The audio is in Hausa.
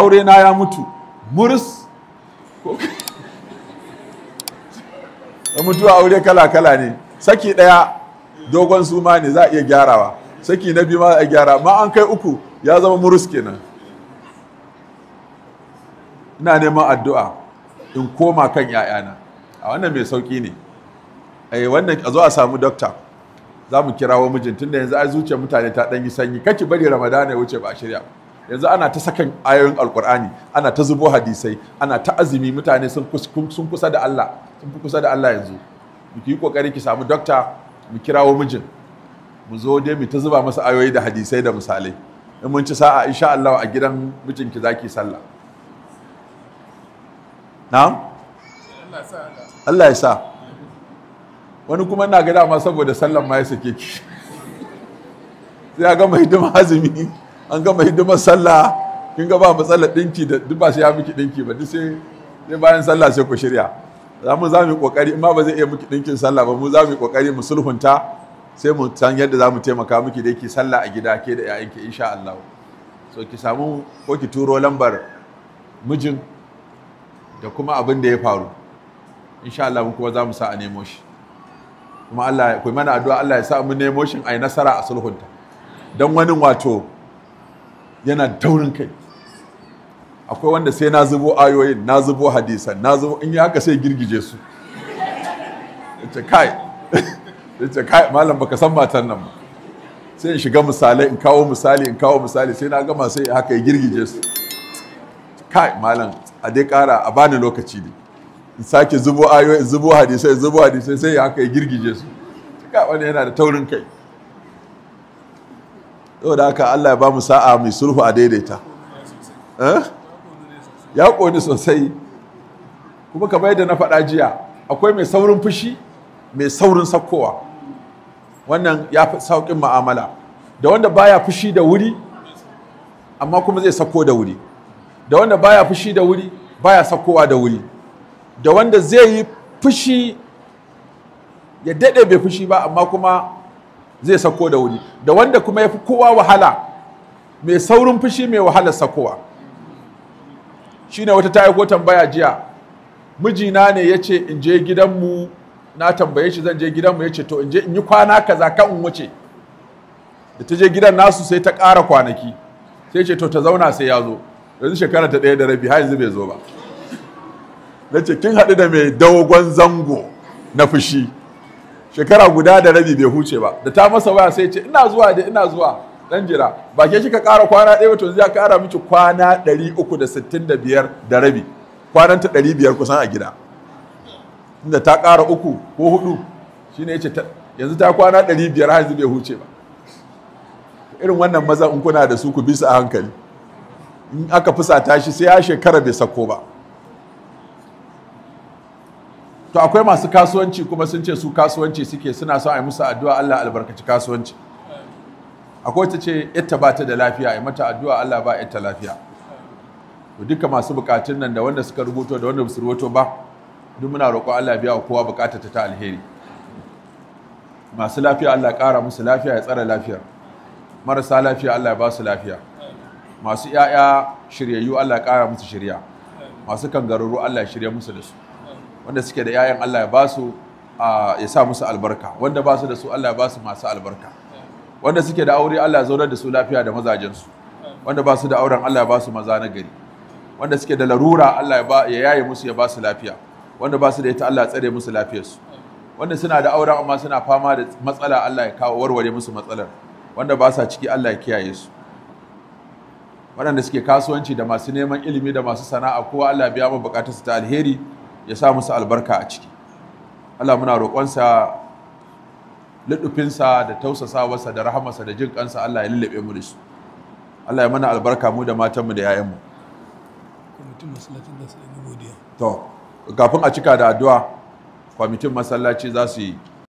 aure na ya mutu muris mutu mutuwa aure kala-kala ne saki ɗaya dogon suma ne za a iya gyarawa saki na biyu ma za a gyara ma an kai uku ya zama murus kenan ina neman addu'a in koma kan ‘ya'yana a wannan mai sauƙi ne a eh, wannan a zo a samu dokta za mu kirawo mijin tun da yanzu a zuciya mutane ta ɗanyi sanyi kaki bari ramadana ya wuce ba a shirya yanzu ana ta sakan ayoyin alkur'ani ana ta zubo hadisai ana ta azumi mutane sun kusa da Allah sun fi kusa da Allah yanzu mu yi kokari ki samu dokta mu kirawo mijin mu zo dai mu ta zuba masa ayoyi da hadisai da misalai in mun ci sa'a insha Allah a gidan mijin ki zaki sallah na'am Allah ya sa wani kuma na ga dama saboda sallan ma ya sake ki sai ga mai hidima azumi an gama hidimar sallah kin ga ba matsalar dinki da duk ba sai ya miki dinki ba duk sai bayan sallah sai ku shirya za mu za mu yi kokari in ma ba zai iya miki dinkin sallah ba mu za mu yi kokari mu sulhunta sai mu san yadda za mu taimaka miki da yake sallah a gida ke da 'ya'yanki insha Allah so ki samu ko ki turo lambar mijin da kuma abin da ya faru insha Allah mu kuma za mu sa a nemo shi kuma Allah ku mana addu'a Allah ya sa mu nemo shi ai nasara a sulhunta dan wani wato yana taurin kai akwai wanda sai na zubo ayoyin na zubo hadisan na zubo in yi haka sai girgije su yace kai yace kai malam baka san matan nan ba sai in shiga misalai in kawo misali in kawo misali sai na gama sai haka ya girgije su kai malam a dai kara a bani lokaci ne in sake zubo ayoyi zubo hadisai zubo hadisai sai haka ya girgije su kai wani yana da taurin kai da haka Allah ya ba mu sa'a mai sulhu a daidaita eh? ya ƙoni sosai kuma kamar yadda na faɗa jiya akwai mai saurin fushi mai saurin sakkowa wannan ya fi sauƙin ma'amala da wanda baya fushi da wuri amma kuma zai sako da wuri da wanda baya fushi da wuri baya sakowa da wuri da wanda zai yi fushi ya daɗe bai fushi ba amma kuma zai sako da wuri da wanda kuma ya fi kowa wahala mai saurin fushi mai wahalar sakowa ne wata ta ko tambaya jiya mijina ne ya ce in je gidanmu na tambaye shi zan je gidanmu ya ce to in je in yi kwana kaza kan in wuce da ta je gidan nasu sai ta ƙara kwanaki sai ce to ta zauna sai ya zo yanzu shekara ta ɗaya da rabi har yanzu bai zo ba na ce kin haɗu da mai dogon zango na fushi shekara guda da rabi bai huce ba da ta masa waya sai ce ina zuwa da ina zuwa dan jira ba ke kika ƙara kwana ɗaya ba to zai ƙara miki kwana 365 da rabi kwanan ta 500 kusan a gida inda ta ƙara uku ko hudu shine yace yanzu ta kwana 500 har bai huce ba irin wannan maza in kuna da su ku bisa a hankali in aka fusata shi sai ya shekara bai sako ba to akwai masu kasuwanci kuma sun ce su kasuwanci suke suna son a yi musu addu'a Allah albarkaci kasuwanci akwai wacce ce yatta ba ta da lafiya a mata addu'a Allah ba yatta lafiya to duka masu bukatun nan da wanda suka rubuto da wanda ba su rubuto ba duk muna roƙo Allah biya kowa bukatar ta alheri masu lafiya Allah ƙara musu lafiya ya tsara lafiyar marasa lafiya Allah ya ba su lafiya masu 'ya'ya shiryayyu Allah ƙara musu shirya masu kangararru Allah ya shirya musu da su wanda suke da 'ya'yan Allah ya ba su ya sa musu albarka wanda ba su da su Allah ya ba su masu albarka wanda suke da aure Allah ya zaunar da su lafiya da mazajensu wanda ba su da auren Allah ya ba su maza na gari wanda suke da larura Allah ya yaye musu ya ba su lafiya wanda ba su da ita Allah ya tsare musu lafiyarsu wanda suna da auren amma suna fama da matsala Allah ya kawo warware musu matsalar wanda ba sa ciki Allah ya kiyaye su waɗanda suke kasuwanci da masu neman ilimi da masu sana'a kowa Allah ya biya mu bukatarsu ta alheri ya sa musu albarka a ciki Allah muna roƙonsa luɗufinsa da tausasawarsa da rahamarsa da jin ƙansa Allah ya lullube mu da su Allah ya mana albarka mu da matanmu da yayanmu kwamitin masallaci da su godiya to kafin a cika da addu'a kwamitin masallaci za su yi